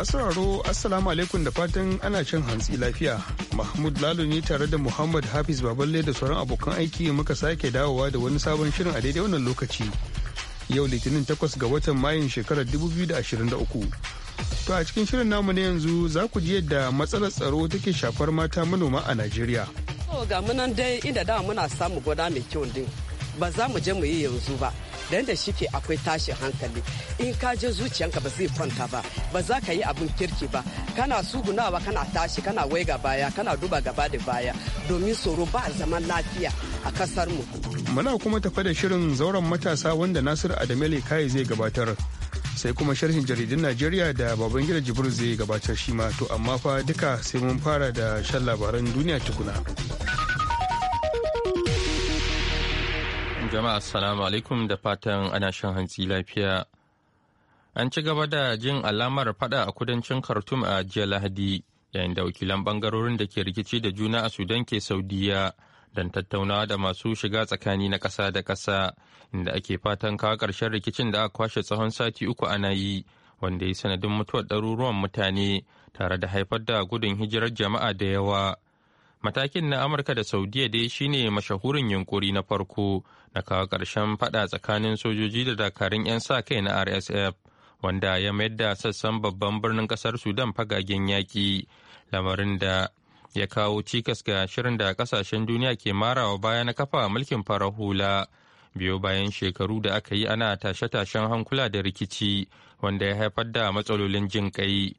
Masu raro Assalamu alaikum da fatan ana cin hantsi lafiya. Mahmud Lalo ne tare da Muhammad Hafiz Baballe da sauran abokan aiki muka sake dawowa da wani sabon shirin a daidai wannan lokaci. Yau Litinin takwas ga watan Mayun shekarar 2023. To a cikin shirin namu na yanzu za ku ji yadda matsalar tsaro take shafar mata manoma a Najeriya. Ga munan dai inda da muna samu gwada mai kyau din ba za mu je mu yi yanzu ba. dan da shi ke akwai tashin hankali in ka je zuciyanka ba zai kwanta ba ba za ka yi abin kirki ba kana sugunawa kana tashi kana waiga baya kana duba gaba da baya domin tsoro ba zaman lafiya a kasar mu muna kuma tafa da shirin zauren matasa wanda nasiru adamele kai zai gabatar sai kuma sharhin jaridun najeriya da babangida jibril zai gabatar shi ma to amma fa duka sai mun fara da shan labaran duniya tukuna. Jama'a assalamu alaikum da fatan ana shan hantsi lafiya. An ci gaba da jin alamar fada a kudancin Khartoum a jiya Lahadi yayin da wakilan bangarorin da ke rikici da juna a Sudan ke Saudiya don tattaunawa da masu shiga tsakani na ƙasa da ƙasa inda ake fatan kawo ƙarshen rikicin da aka kwashe tsawon sati uku ana yi wanda ya sanadin mutuwar ɗaruruwan mutane tare da haifar da gudun hijirar jama'a da yawa. Matakin na Amurka da Saudiya dai shine mashahurin yunkuri na farko na kawo ƙarshen faɗa tsakanin sojoji da dakarun 'yan sa kai na rsf wanda ya mayar da sassan babban birnin ƙasar sudan fagagen yaƙi lamarin da ya kawo cikas ga shirin da ƙasashen duniya ke marawa baya na kafa mulkin farar hula biyo bayan shekaru da aka yi ana tashe-tashen hankula da rikici wanda ya haifar da matsalolin jin kai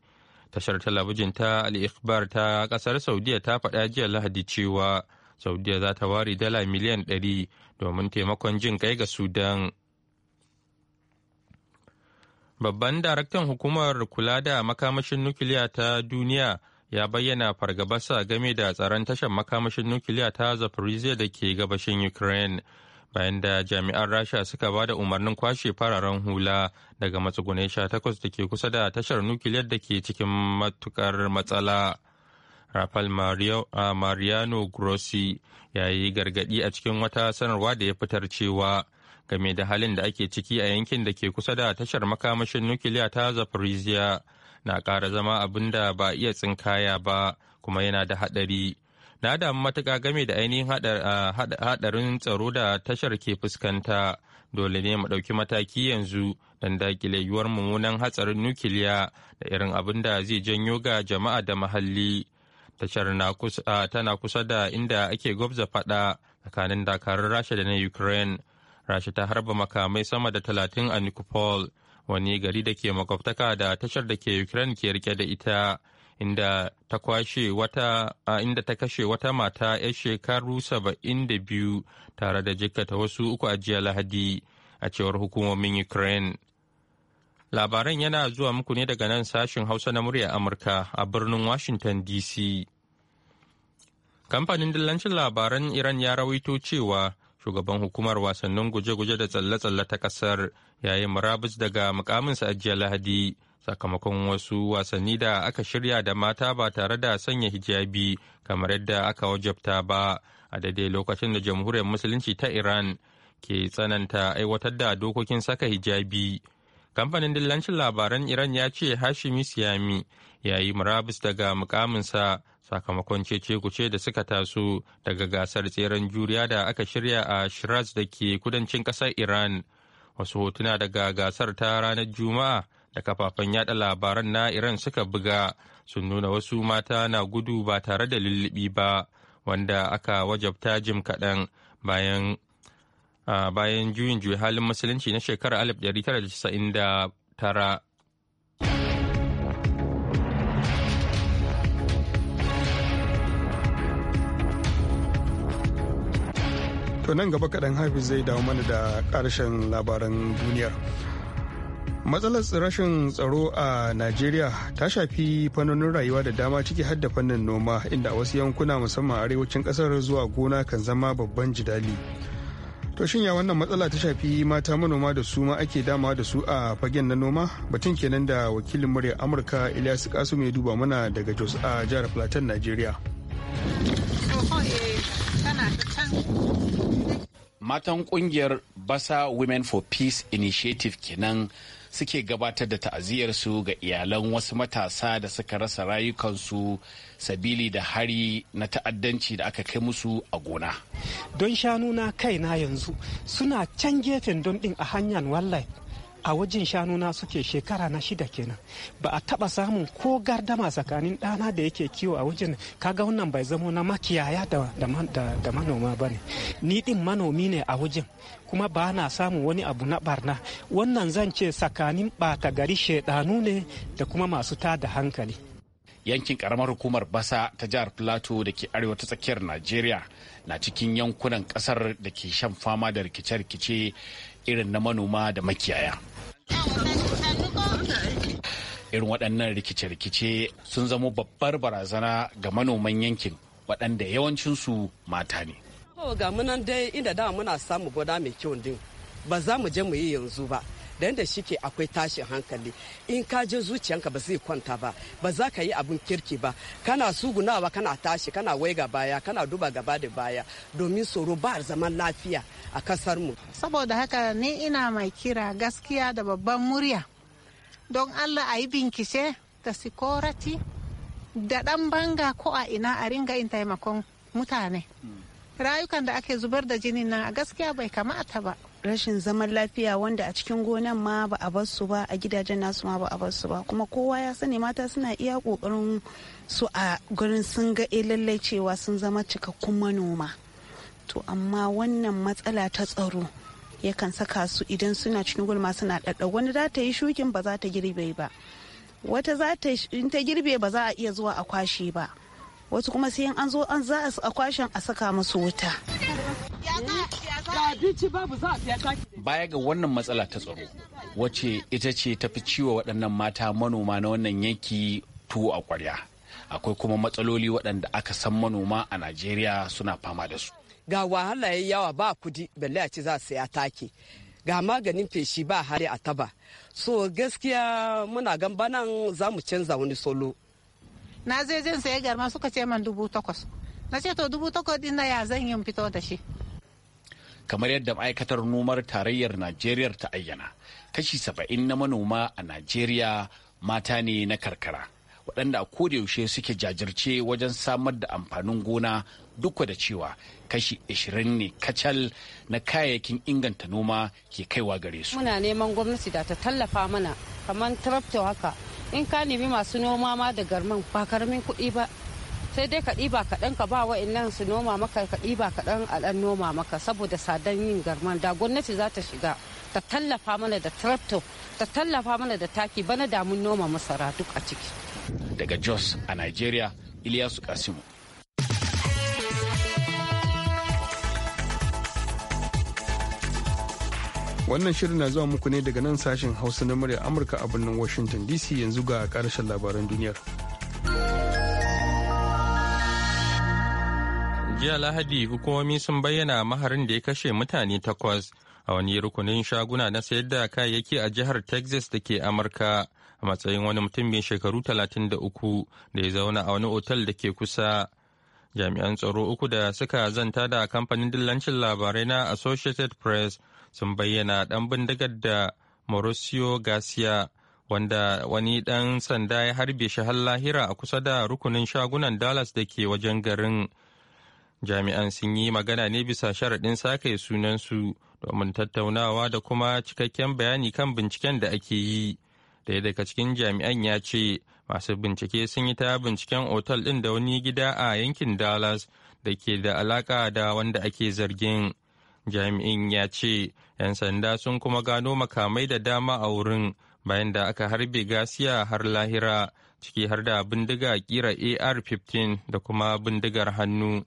tashar talabijin ta al-ikhbar ta ƙasar saudiya ta faɗa jiya lahadi cewa saudiya za ta ware dala miliyan 100 domin taimakon jin kai ga sudan babban daraktan hukumar kula da makamashin nukiliya ta duniya ya bayyana fargabarsa game da tsaron tashar makamashin nukiliya ta zaporizhia da ke gabashin ukraine bayan da jami'an rasha suka ba da umarnin kwashe fararen hula daga matsugunai 18 da ke kusa da tashar nukiliyar da ke cikin matukar matsala. Rafael Mariano Grossi ya yi gargaɗi a cikin wata sanarwa da ya fitar cewa game da halin da ake ciki a yankin da ke kusa da tashar makamashin nukiliya ta Zaporizhia na ƙara zama abin da ba iya tsinkaya ba kuma yana da haɗari. Na damu matuka game da ainihin haɗarin tsaro da tashar ke fuskanta. Dole ne mu ɗauki mataki yanzu don daƙile yiwuwar mummunan hatsarin nukiliya da irin abin da zai janyo ga jama'a da muhalli. Tashar tana kusa da inda ake gwabza fada tsakanin dakarun Rasha da na Ukraine. Rasha ta harba makamai sama da talatin a Nikopol, wani gari da ke makwabtaka da tashar da ke Ukraine ke rike da ita, inda ta kwashe wata inda ta kashe wata mata 'yar shekaru saba'in da biyu tare da jikkata wasu uku a jiya Lahadi a cewar hukumomin Ukraine. Labaran yana zuwa muku ne daga nan sashin Hausa na murya Amurka a birnin Washington DC. Kamfanin dillancin labaran Iran ya rawaito cewa shugaban hukumar wasannin guje-guje da tsalle-tsalle ta kasar yayin murabus daga mukaminsa a jiya Lahadi sakamakon wasu wasanni da aka shirya da mata ba tare da sanya hijabi kamar yadda aka wajabta ba a daidai lokacin da jamhuriyar musulunci ta Iran ke tsananta aiwatar da dokokin saka hijabi. Kamfanin dillancin labaran Iran ya ce Hashimi Siyami ya yi murabus daga mukaminsa sakamakon cece-kuce da suka taso daga gasar tseren juriya da aka shirya a shiraz da ke kudancin kasar iran wasu hotuna daga gasar ta ranar juma'a da kafafen yada labaran na iran suka buga sun nuna wasu mata na gudu ba tare da lullubi ba wanda aka wajabta jim kaɗan bayan bayan juyin juyi halin musulunci na shekarar 1999 To nan gaba kaɗan Hafiz zai dawo mana da ƙarshen labaran duniyar. Matsalar rashin tsaro a Najeriya ta shafi fannonin rayuwa da dama ciki hadda fannin noma inda a wasu yankuna musamman arewacin ƙasar zuwa gona kan zama babban jidali. To shin ya wannan matsala ta shafi mata manoma da su ma ake dama da su a fagen na noma? Batun kenan da wakilin murya Amurka Ilyasu Kasum ya duba mana daga Jos a jihar Plateau, Najeriya. matan kungiyar basa women for peace initiative kenan suke gabatar da ta'aziyarsu ga iyalan wasu matasa da suka rasa rayukansu sabili da hari na ta'addanci da aka kai musu a gona. Don shanu na kaina yanzu suna can gefen don ɗin a hanyar wallai. a wajen shanu shanuna suke shekara na shida kenan ba a taba samun ko gardama tsakanin dana da yake kiwo a wajen kaga wannan bai zamo na makiyaya da manoma ba ne ni din manomi ne a wajen kuma ba na samun wani abu na barna wannan zan ce tsakanin ɓata gari shaidanu ne da kuma masu ta da hankali yankin karamar hukumar basa ta jihar plateau da ke arewa ta tsakiyar najeriya na cikin yankunan kasar da ke shan fama da rikice-rikice irin na manoma da makiyaya irin waɗannan rikice-rikice sun zama babbar barazana ga manoman yankin waɗanda yawancinsu mata ne. ga munan dai inda dama muna samu gwada mai kyau din ba za mu je mu yi yanzu ba da yadda ke akwai tashin hankali in ka je zuciyanka ba zai kwanta ba ba za ka yi abin kirki ba kana sugunawa kana tashi kana waiga baya kana duba gaba da baya domin tsoro ba zaman lafiya a kasar mu saboda haka ni ina mai kira gaskiya da babban murya don allah a yi bincike da sikorati da dan banga ko a ina a ringa yin taimakon mutane hmm. rayukan da ake zubar da jinin nan a gaskiya bai kamata ba rashin zaman lafiya wanda a cikin gonan ma ba a bar su ba a gidajen nasu ma ba a bar su ba kuma kowa ya sani mata suna iya kokarin su a gurin sun ga eh, lallai cewa sun zama cikakkun manoma to amma wannan matsala ta tsaro yakan saka su idan suna cikin gulma suna ɗaɗɗa wani za ta yi shukin ba za ta girbe ba wata za ta in ta girbe ba za a iya zuwa a kwashe ba wasu kuma sai an zo an za a kwashen a saka musu wuta Baya ga wannan matsala ta tsaro, wace ita ce tafi ciwo waɗannan mata manoma na wannan yanki tuwo a kwarya Akwai kuma matsaloli waɗanda aka san manoma a Najeriya suna fama da su. Ga wahala ya yawa ba kudi balle a ci za su ya take. Ga maganin feshi ba hari a taba. So gaskiya muna gan banan za mu canza wani solo. Na je zan saya garma suka ce man dubu takwas. Na ce to dubu takwas din na ya zan yin fito da shi. kamar yadda ma'aikatar nomar tarayyar najeriya ta ayyana kashi saba'in na manoma a najeriya mata ne na karkara waɗanda a kodayaushe suke jajirce wajen samar da amfanin gona duk da cewa kashi ashirin ne kacal na kayayyakin inganta noma ke kaiwa gare su. Muna neman gwamnati da ta tallafa mana kamar tractor haka in ka nemi masu noma ma da garman ba karamin kuɗi ba sai dai ka ɗiba kaɗan ka ba wa'annan su noma maka ka ɗiba kaɗan a ɗan noma maka saboda sadan yin garman da gwamnati za ta shiga ta tallafa mana da tractor ta tallafa mana da taki bana da mun noma masara duk a ciki. Daga Jos a Nigeria, Ilyasu Kasimu. Wannan shirin na zuwa muku ne daga nan sashen Hausa na murya Amurka a birnin Washington DC yanzu ga karshen labaran duniyar. jiya lahadi hukumomi sun bayyana maharin da ya kashe mutane takwas a wani rukunin shaguna na sayar da kayayyaki a jihar texas da ke amurka a matsayin wani mutum mai shekaru 33 da ya zauna a wani otal da ke kusa jami'an tsaro uku da suka zanta da kamfanin dillancin labarai na associated press sun bayyana dan bindigar da mauricio garcia wanda wani dan sanda ya harbe shi har lahira a kusa da rukunin shagunan dallas da ke wajen garin jami'an sun yi magana ne bisa sharaɗin sake sunansu domin tattaunawa da kuma cikakken bayani kan binciken da ake yi daya daga cikin jami'an ya ce masu bincike sun yi ta binciken otal ɗin da wani gida a yankin dallas da ke da alaka da wanda ake zargin jami'in ya ce 'yan sanda sun kuma gano makamai da dama a wurin bayan da aka harbe gasiya har lahira ciki har da bindiga kira ar-15 da kuma bindigar hannu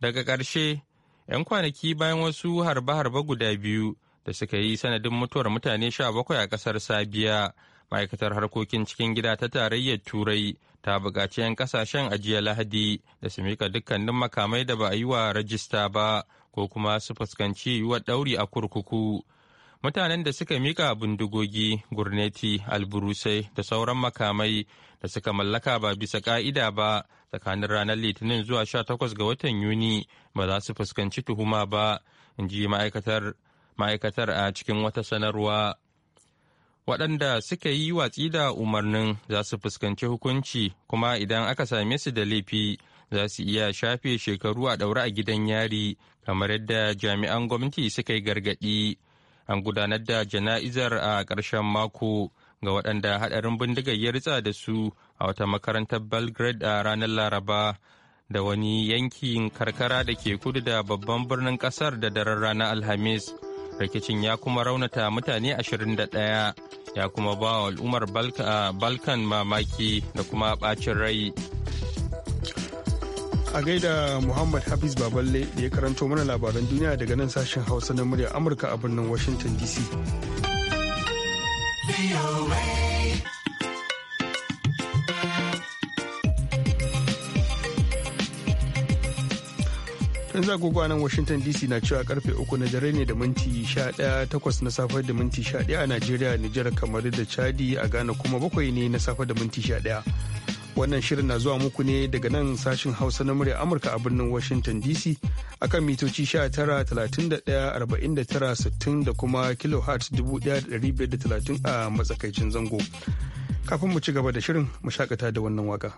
daga ƙarshe 'yan kwanaki bayan wasu harbe-harbe guda biyu da suka yi sanadin mutuwar mutane sha bakwai a ƙasar sabiya ma'aikatar harkokin cikin gida ta tarayyar turai ta buƙaci 'yan ƙasashen ajiya lahadi da su mika dukkanin makamai da ba a yi wa rajista ba ko kuma su fuskanci yiwuwar ɗauri a kurkuku mutanen da suka mika bindigogi gurneti alburusai da sauran makamai da suka mallaka ba bisa ka'ida ba tsakanin ranar litinin zuwa 18 ga watan yuni ba za su fuskanci tuhuma ba in ji ma'aikatar a cikin wata sanarwa waɗanda suka yi watsi da umarnin za su fuskanci hukunci kuma idan aka same su da laifi za su iya shafe shekaru a ɗaure a gidan yari kamar yadda jami'an gwamnati suka yi gargaɗi. an gudanar da jana'izar a ƙarshen mako ga waɗanda haɗarin bindigar ya ritsa da su a wata makarantar belgrade a ranar laraba da wani yankin karkara da ke kudu da babban birnin ƙasar da daren ranar alhamis rikicin ya kuma raunata mutane 21 ya kuma ba wa al'ummar balkan mamaki da kuma ɓacin rai a gaida Muhammad Hafiz Baballe da ya karanto mana labaran duniya daga nan sashen Hausa na murya Amurka a birnin Washington DC. yanzu agogo a nan washington dc na cewa karfe uku na dare ne da minti 118 na safe da minti 11 a najeriya nijar kamar da chadi a ghana kuma bakwai ne na safe da minti 11 Wannan shirin na zuwa muku ne daga nan sashin Hausa na murya Amurka a birnin Washington DC akan mitoci 19,31,49,60 da kuma kilohertz 1,530 a matsakaicin zango. Kafin mu ci gaba da shirin mu shakata da wannan waka.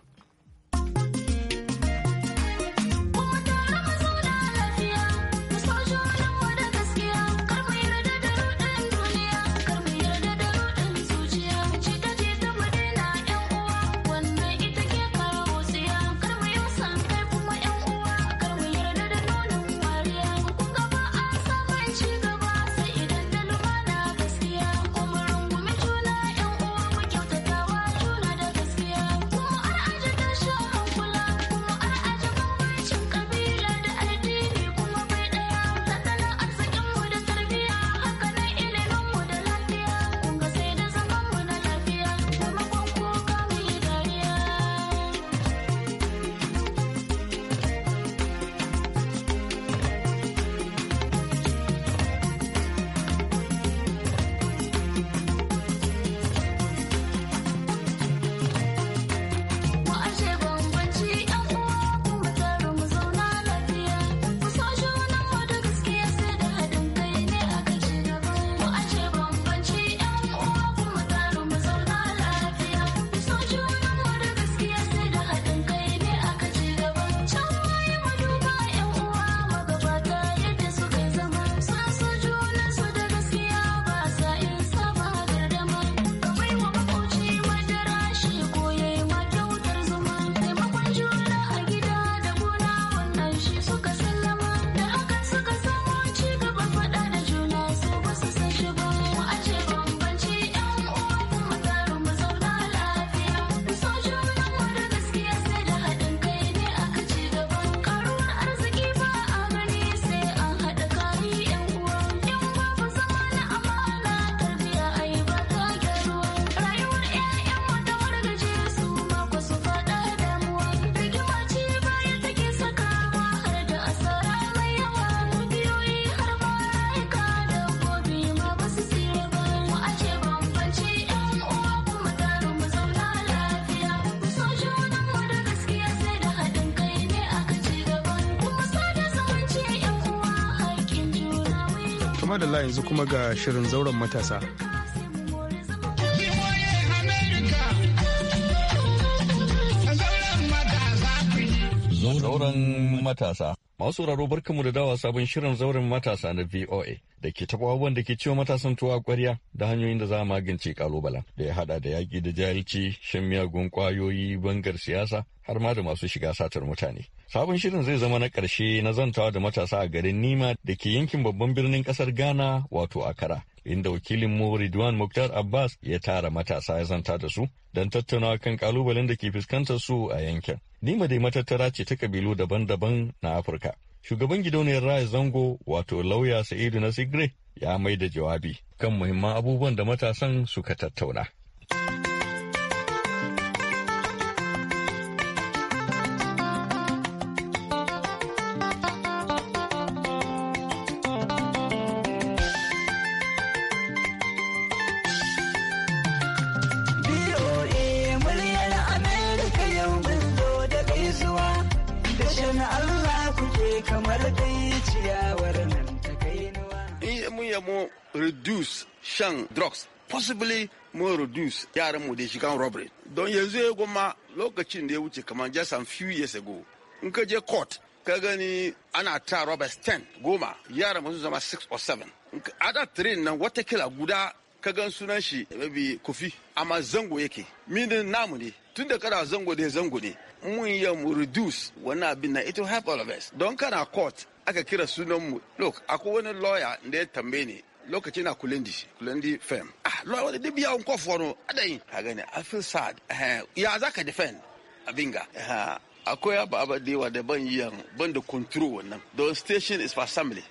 Allah yanzu kuma ga shirin zauren matasa. Zauren matasa. Masu sauraro barkanmu da dawa sabon shirin zauren matasa na VOA da ke taɓa abubuwan da ke ciwo matasan tuwa ƙwarya da hanyoyin da za a magance ƙalubalen. da ya haɗa da yaƙi da jahilci, shan miyagun ƙwayoyi, bangar siyasa har ma da masu shiga satar mutane. Sabon shirin zai zama na ƙarshe na zantawa da matasa a garin Nima da ke yankin babban birnin ƙasar Ghana wato Akara. inda wakilin mu Ridwan Mukhtar Abbas ya tara matasa ya zanta da su don tattaunawa kan kalubalen da ke fuskantar su a yankin. Nima dai matattara ce ta kabilu daban-daban na Afirka. Shugaban gidauniyar Raya Zango wato lauya Sa'idu na Sigre ya mai da jawabi kan muhimman abubuwan da matasan suka tattauna. kamar dai ciyawar nan ta kai nuwa. In mun yamo reduce shan drugs possibly mun reduce yaran mu da shigan robbery. Don yanzu ya goma lokacin da ya wuce kamar just a few years ago. In ka je court ka gani ana ta robbers 10 goma yaran mu zama 6 or 7. A da train nan watakila guda ka gan sunan shi maybe kofi amma zango yake. meaning namu ne tun da kada zango da zango ne mun yi mu reduce wannan abin na it will help all of us don kana court aka kira sunan mu look akwai wani lawyer da ya tambaye ni lokaci na kulendi kulendi firm ah lawyer wani dibi yawon kof wani adayin ka gani i feel sad eh, ya za ka defend abinga eh, akwai abu abu da yawa da ban yi ban da control wannan don station is for assembly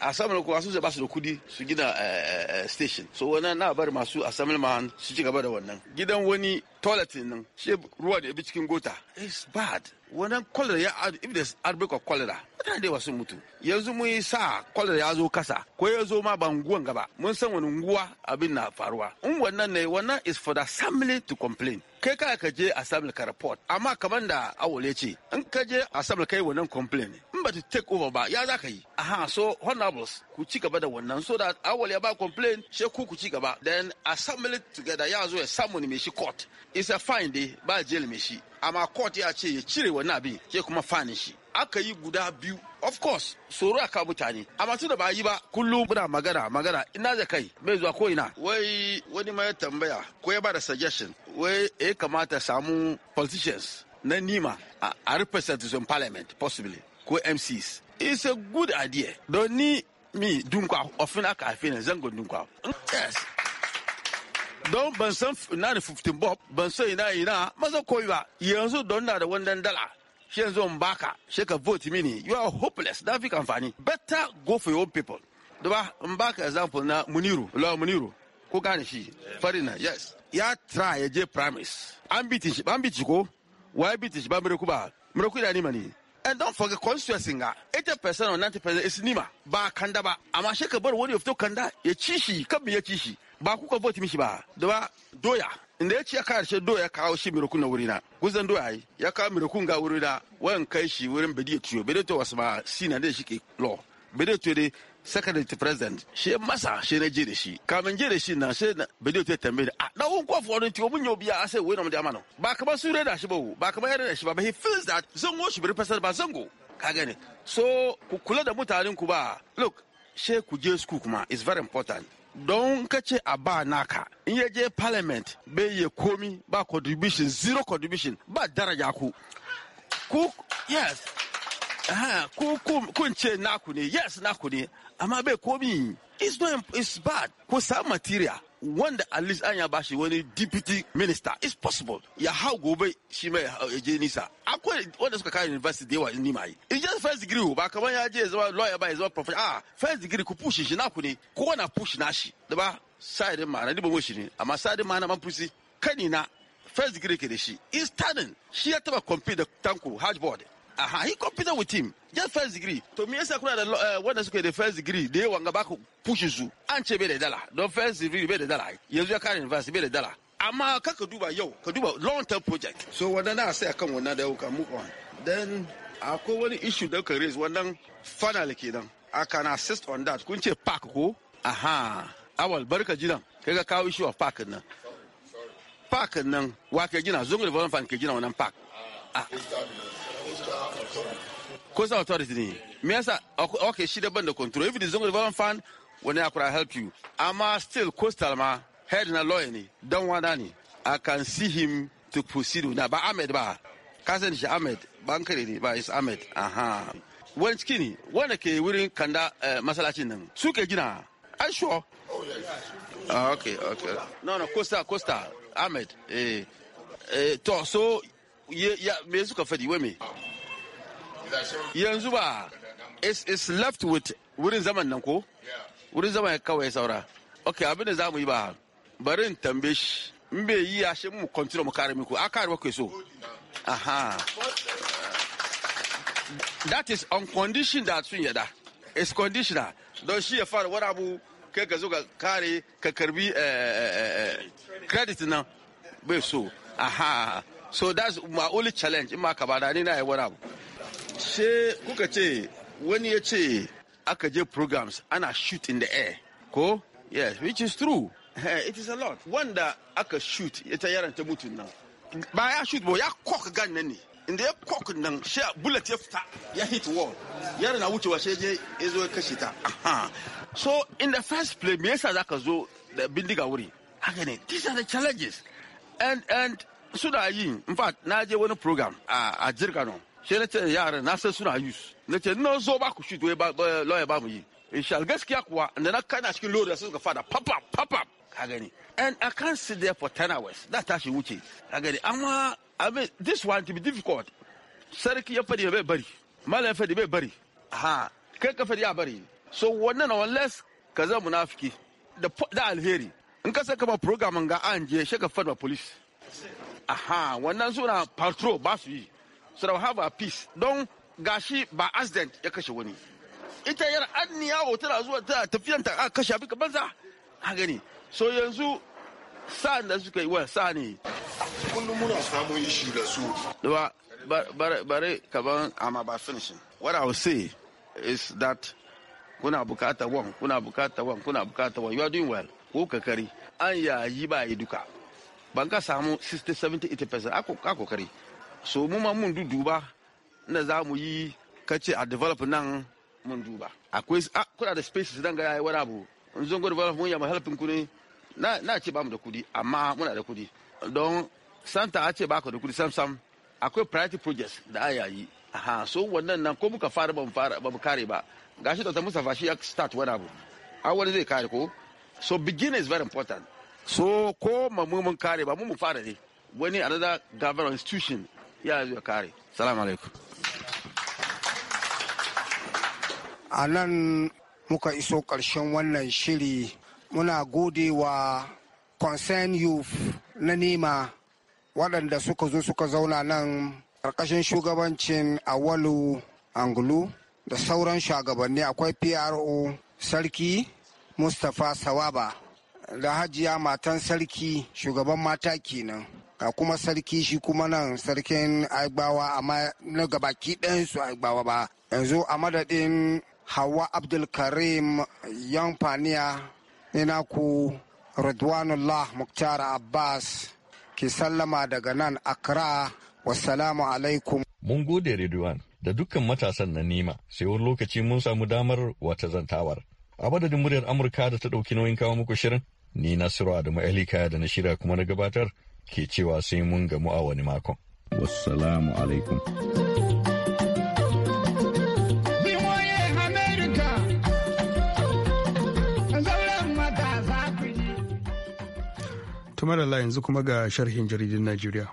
assembly kuma su ba su da kudi su gina eh, eh, eh, station so wannan na bar masu assembly man su ci gaba da wannan gidan wani toilet nan shi ruwa da ya bi cikin gota is bad wannan kwalar ya if there's outbreak of cholera mutane da mutu yanzu mun yi sa kwalara ya zo kasa ko ya zo ma ba gaba mun san wani nguwa abin na faruwa in wannan ne wannan is for the assembly to complain kai ka ka je assembly ka report amma kamar da awole ce in ka je assembly kai wannan complain in ba ta take over ba ya za ka yi aha so honorables ku ci gaba da wannan so da awole ba complain she ku ku ci gaba then assembly together ya zo ya samu ne mai shi court is a fine day ba jail mai shi amma court ya ce ya cire wani abin ke kuma fanin shi aka yi guda biyu of course tsoro aka mutane amma tun da ba yi ba kullum muna magana magana ina da kai mai zuwa ko ina wai wani ma ya tambaya ko ya bada suggestion wai ya kamata samu politicians na nima a representatives parliament possibly ko mcs it's a good idea don ni mi dunkwa ofin aka haife ne zangon dunkwa don ban san ina da 15 bob ban san ina ina maza koyi ba yanzu don na da wannan dala shi yanzu in baka shi ka vote mini you are hopeless na fi amfani better go for your own people duba in baka example na muniru lawa muniru ko gane shi farina yes ya try ya je primaries an biti shi ban biti ko why biti shi ba mure ku ba mure ku da ni mani And don't forget constituency nga 80% or 90% is nima ba kanda ba amma shi ka bar wani of fito kanda ya ci shi kan ya ci shi ba kuka vote mishi ba da ba doya inda ya ce ya karshe doya kawo shi mirakun na wurina guzan doya yi ya kawo mirakun ga wurina wayan kai shi wurin bidiyo tuyo bidiyo tiyo wasu ba sina da shi ke lo bidiyo to dai secretary to president she masa she na je da shi kamin je da shi na she na bidiyo ta tambaye da na un ko for ti mun yau biya sai wani na mu da amana ba kamar su da shi ba ba kamar yare da shi ba he feels that zango shi bari fasar ba zango ka gani so ku kula da mutanen ku ba look she ku je school kuma is very important don kace a ba naka in ya je parliament bai ya komi ba contribution zero contribution ba daraja ku ku yes ku ku ce naku ne yes naku ne amma bai komi is not it's bad ko samu material wanda at least an ya bashi wani deputy minister is possible ya hau gobe shi mai eh, ya je nisa akwai wanda suka kare university da yawa ni ma yi it's just first degree ba kamar ya je ya zama lawyer ba ya zama professor ah first degree ku push shi naku ne ko na push na shi da ba sa'idin ma'ana diba shi ne amma ma ma'ana man pusi kani na first degree ke da shi is turning shi ya taba compete da tanko board. Aha, he competed with him. Just first degree. To me I kuna da wanda suke da first degree da yawan back ku pushe su. An ce bai da dala. Don first degree bai da dollar. Yanzu ya kare university bai da dala. Amma ka ka duba yo, kaduba long term project. So when I say I come, akan wannan da yau move on. Then I akwai wani issue that can raise wannan final kenan. Um, I can assist on that. Kun ce park ko? Aha. Awal barka jina. Kai ka kawo issue of park nan. Park nan wa ke gina zungu da volunteer ke gina wannan park. Ah. A Authority ne. Me yasa okay shi daban da control. If it is development fund help you. Amma still coastal ma head na lawyer ne dan wana ne. I can see him to proceed na ba Ahmed ba. Ka san shi Ahmed bankare ne ba is Ahmed. Aha. Wani ciki ne wanda ke wurin kanda eh, masalacin nan ke gina. Ai sure. Ah, okay, okay. No, no, Costa, Costa, Ahmed. Eh, eh, to, so me suka fadi wai me yanzu ba is left with wurin zaman nan ko wurin zaman kawai saura ok abin da za mu yi ba bari in tambe shi in bai yi a shi mu continue mu kare muku a kare kai so aha that is on condition da sun yada is conditional don shi ya fara wani abu kai ga zo ka kare ka karbi eh, eh, eh, credit nan bai so aha so that's my only challenge in ma ka ba ni na yi wani abu she kuka ce wani ya ce aka je programs ana shoot in the air ko yes which is true it is a lot wanda aka shoot ita yaran ta mutu nan ba ya shoot bo ya kok gan nan ne inda ya kok nan she bullet ya fita ya hit wall yaran na wucewa she je ya zo ya kashe ta so in the first place me yasa zaka zo da bindiga wuri haka ne these are the challenges and and suna yi in fact na je wani program a no sai na ce yara na san suna use na ce na zo ba ku shi doye lawyer ba mu yi insha gaskiya kuwa da na kana cikin lori da suka fada papap papap ka gani and i can't sit there for 10 hours da tashi wuce ka gani amma mean this one to be difficult sarki ya fadi bai bari mala ya fadi bai bari ha kai ka fadi ya bari so wannan unless ka zama munafiki da alheri in ka saka ba program ga an je ka fada police aha wannan suna patrol ba su yi suna have a peace don gashi ba accident ya kashe wani ita yar anniyawo tana zuwa ta tafiyan ta a kashe abin banza a gani so yanzu sa'an da suka yi wa sa ne kullum muna samun ishi da su ba bare kaban amma ba finishing what i will say is that kuna bukata wan kuna bukata wan kuna bukata wan you are doing well ko kakari an yayi ba yi duka ban ka samu 60-70-80% a kokari so mu ma mun duduba na za mu yi kace a develop nan mun duba akwai ah, kuna da spaces dan ga yayi wani abu in zo develop mun ya ma helping ku ne na na ce mu da kudi amma muna da kudi don santa a ce ba ka da kudi sam sam akwai priority projects da aya yi aha so wannan nan ko muka fara ban fara mu kare ba gashi da musafa shi ya start wani abu wani zai kare ko so beginning is very important so ko mu kare ba mu mu fara ne wani another government institution ya zo kare salamu alaikum a nan muka iso ƙarshen wannan shiri muna gode wa concern youth na nema waɗanda suka zo suka zauna nan ƙarƙashin shugabancin awalu angulu da sauran shugabanni akwai pro sarki mustapha sawaba da hajiya matan sarki shugaban mata kenan ga kuma sarki shi kuma nan sarkin aigbawa amma na gabaki ɗayansu aigbawa ba yanzu a madadin hawa abdulkarim yan faniya ne Muktar Abbas ke sallama daga nan akra wasalamu alaikum. Mun gode Ridwan da dukkan matasan na Nima sai wani lokaci mun samu damar wata zantawar. A madadin muryar Amurka da ta ɗauki nauyin kawo muku shirin, Ni Nasiru Adamu Elika da na shirya kuma na gabatar ke cewa sai mun gamu a wani makon. Wassalamu alaikum. Tumar yanzu kuma ga sharhin jaridun Najeriya.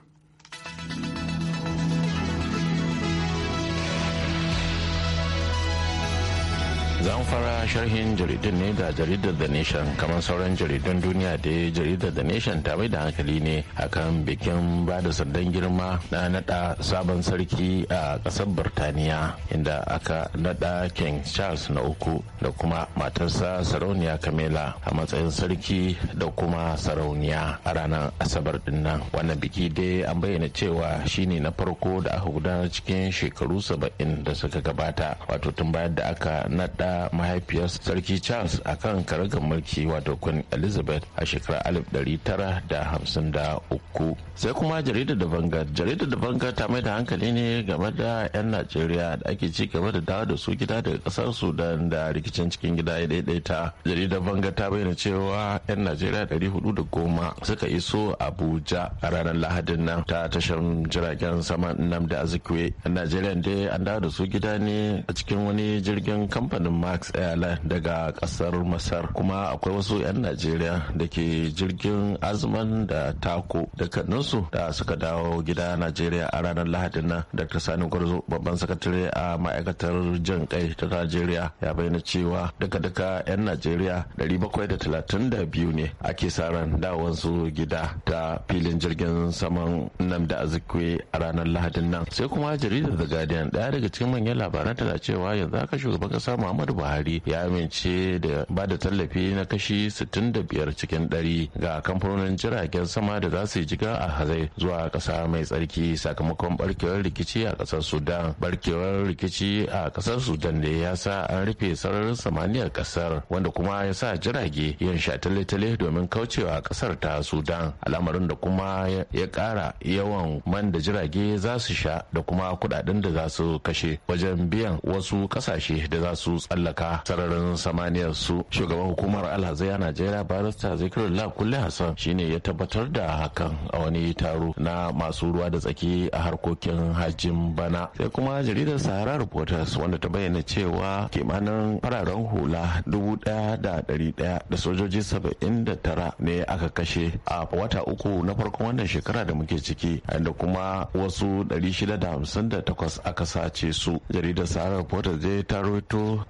za mu fara sharhin jaridun ne da jaridar the nation kamar sauran jaridun duniya da jaridar the nation ta mai da hankali ne akan bikin ba da sandan girma na nada sabon sarki a kasar birtaniya inda aka nada king charles na uku da kuma matarsa sarauniya kamela a matsayin sarki da kuma sarauniya a ranar asabar dinnan wannan biki dai an bayyana cewa shine na farko da aka gudanar cikin shekaru saba'in da suka gabata wato tun bayan da aka nada mahaifiyarsa mahaifiyar sarki charles a kan karagar mulki wato queen elizabeth a shekarar 1953 sai kuma jaridar da vanguard jaridar da vanguard ta mai da hankali ne game da 'yan najeriya da ake ci gaba da dawo da su gida daga kasar sudan da rikicin cikin gida ya daidaita jaridar vanguard ta bayyana cewa 'yan najeriya 410 suka iso abuja a ranar lahadin nan ta tashar jiragen sama da azikwe 'yan najeriya dai an dawo da su gida ne a cikin wani jirgin kamfanin max airline daga kasar masar kuma akwai wasu 'yan najeriya da ke jirgin azman da tako dukkaninsu da suka dawo gida najeriya a ranar lahadin nan dr sani gwarzo babban sakatare a ma'aikatar jan kai ta najeriya ya bayyana cewa daga daga 'yan najeriya 732 ne ake sa ran dawansu gida ta filin jirgin saman nam da azikwe a ranar lahadin nan sai kuma jaridar the guardian daya daga cikin manyan labaran tana cewa yanzu haka shugaban kasa muhammad muhammadu buhari ya amince da ba da tallafi na kashi 65 cikin 100 ga kamfanonin jiragen sama da za su yi jiga a hazai zuwa ƙasa mai tsarki sakamakon barkewar rikici a kasar sudan barkewar rikici a kasar sudan da ya sa an rufe sararin samaniyar ƙasar wanda kuma ya sa jirage yin shatale-tale domin kaucewa ƙasar ta sudan al'amarin da kuma ya ƙara yawan man da jirage za su sha da kuma kuɗaɗen da za su kashe wajen biyan wasu ƙasashe da za su tsallaka hallaka sararin samaniyar su shugaban hukumar alhazai a najeriya barista zikirullah kulle hassan shine ya tabbatar da hakan a wani taro na masu ruwa da tsaki a harkokin hajjin bana sai kuma jaridar sahara reporters wanda ta bayyana cewa kimanin fararen hula dubu daya da dari daya da sojoji saba'in da tara ne aka kashe a wata uku na farkon wannan shekara da muke ciki da kuma wasu dari shida da hamsin da takwas aka sace su jaridar sahara reporters zai ta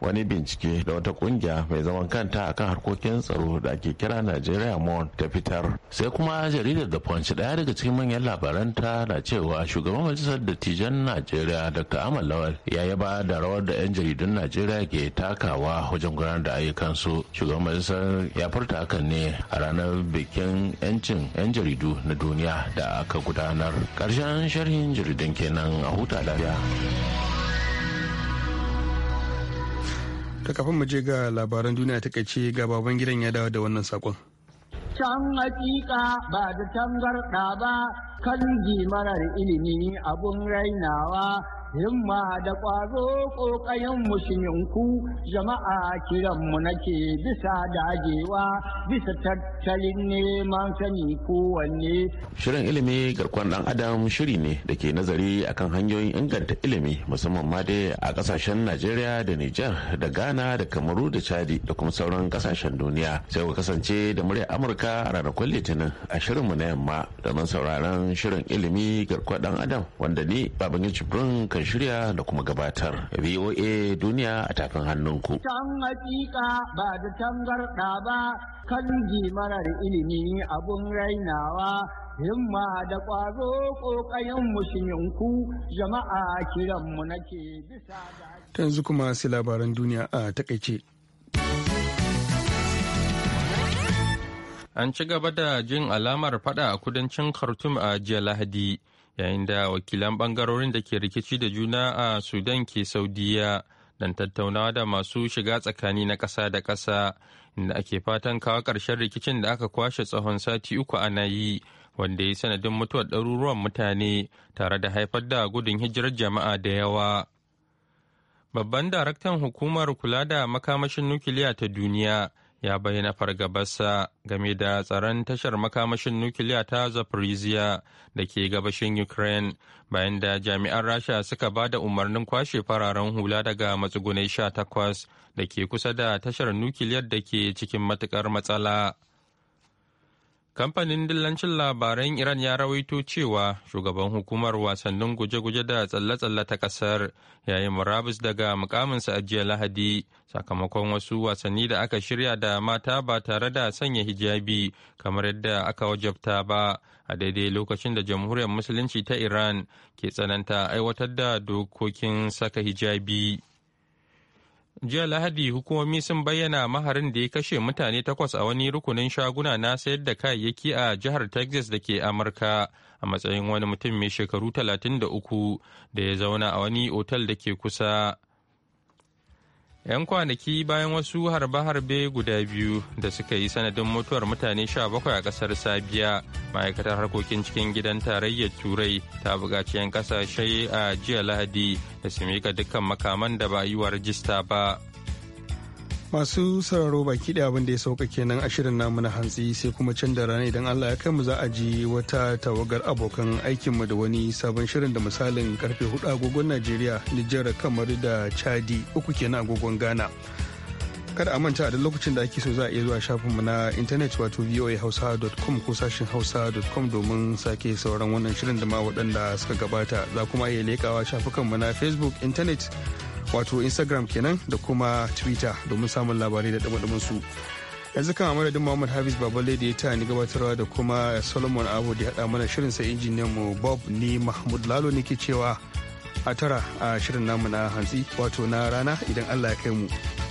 wani wani bincike da wata kungiya mai zaman kanta akan harkokin tsaro da ake kira Nigeria Mon ta fitar. Sai kuma jaridar da Punch daya daga cikin manyan labaranta na cewa shugaban majalisar dattijan Najeriya Dr. Amal Lawal ya yaba da rawar da 'yan jaridun Najeriya ke takawa wajen gudanar da ayyukansu. Shugaban majalisar ya furta hakan ne a ranar bikin 'yancin 'yan jaridu na duniya da aka gudanar. karshen sharhin jaridun kenan a huta lafiya. ta kafin mu je ga labaran duniya ta kace ga baban gidan ya dawo da wannan sakon can hakika ba da tangarda ba kan marar ilimi abun rainawa himma da ƙwazo ƙayan musulminku jama'a kiranmu nake bisa dagewa bisa tattalin neman sani kowanne. Shirin ilimi garkon ɗan adam shiri ne da ke nazari akan hanyoyin inganta ilimi musamman ma dai a ƙasashen Najeriya da Nijar da Ghana da Kamaru da Chadi da kuma sauran ƙasashen duniya. Sai ku kasance da murya Amurka a ranakun Litinin a shirin mu na yamma domin sauraron shirin ilimi garkon ɗan adam wanda ni Babangida Jibrin Kan shirya da kuma gabatar. VOA duniya a tafin hannunku. Can hakika ba da tangarɗa ba kan marar ilimi abun rainawa himma da ƙwazo ƙoƙayen musulminku jama'a kiranmu nake bisa da yanzu kuma sai labaran duniya a takaice. An ci gaba da jin alamar fada a kudancin Khartoum a jiya Lahadi. yayin da wakilan bangarorin da ke rikici da juna a sudan ke saudiya don tattaunawa da masu shiga tsakani na ƙasa da ƙasa inda ake fatan kawo ƙarshen rikicin da aka kwashe tsawon sati uku ana yi wanda ya sanadin mutuwar ɗaruruwan mutane tare da haifar da gudun hijirar jama'a da yawa babban daraktan hukumar kula da makamashin nukiliya ta duniya ya bayyana fargabarsa game da tsaron tashar makamashin nukiliya ta Zaporizhia da ke gabashin Ukraine bayan da jami'an Rasha suka ba da umarnin kwashe fararen hula daga matsugunai 18 da ke kusa da tashar nukiliyar da ke cikin matukar matsala. Kamfanin dillancin labaran Iran ya rawaito cewa shugaban hukumar wasannin guje-guje da tsalle-tsalle ta kasar yayin murabus daga mukaminsa a jiya Lahadi sakamakon wasu wasanni da aka shirya da mata ba tare da sanya hijabi kamar yadda aka wajabta ba a daidai lokacin da jamhuriyar musulunci ta Iran ke tsananta aiwatar da dokokin saka hijabi. jiya lahadi hukumomi sun bayyana maharin da ya kashe mutane takwas a wani rukunin shaguna na sayar da kayayyaki a jihar texas da ke amurka a matsayin wani mutum mai shekaru 33 da ya zauna a wani otal da ke kusa 'yan kwanaki bayan wasu harbe-harbe guda biyu da suka yi sanadin mutuwar mutane 17 a kasar sabiya ma'aikatar harkokin cikin gidan tarayyar turai ta buƙaci 'yan kasashe a jiya lahadi da su mika dukkan makaman da ba yi wa rajista ba Masu sauraro baki da abin da ya sauka kenan a shirin namu na hantsi sai kuma can da rana idan Allah ya kai mu za a ji wata tawagar abokan mu da wani sabon shirin da misalin karfe 4 agogon Najeriya, Nijar kamar da Chadi uku kenan agogon Ghana. Kada a manta a da lokacin da ake so za a iya zuwa shafin shafinmu na intanet wato voahausa.com ko sashin hausa.com domin sake sauran wannan shirin da ma waɗanda suka gabata za kuma iya lekawa shafukan mu na Facebook, intanet. wato instagram kenan da kuma twitter domin samun labarai da dama su yanzu kan amadadin muhammad hafiz babalai da ya ta ni gabatarwa da kuma solomon abu da haɗa mana shirin sa injiniyan mu bob ni mahmud lalo ne ke cewa a tara a shirin namu na hantsi wato na rana idan allah ya kai mu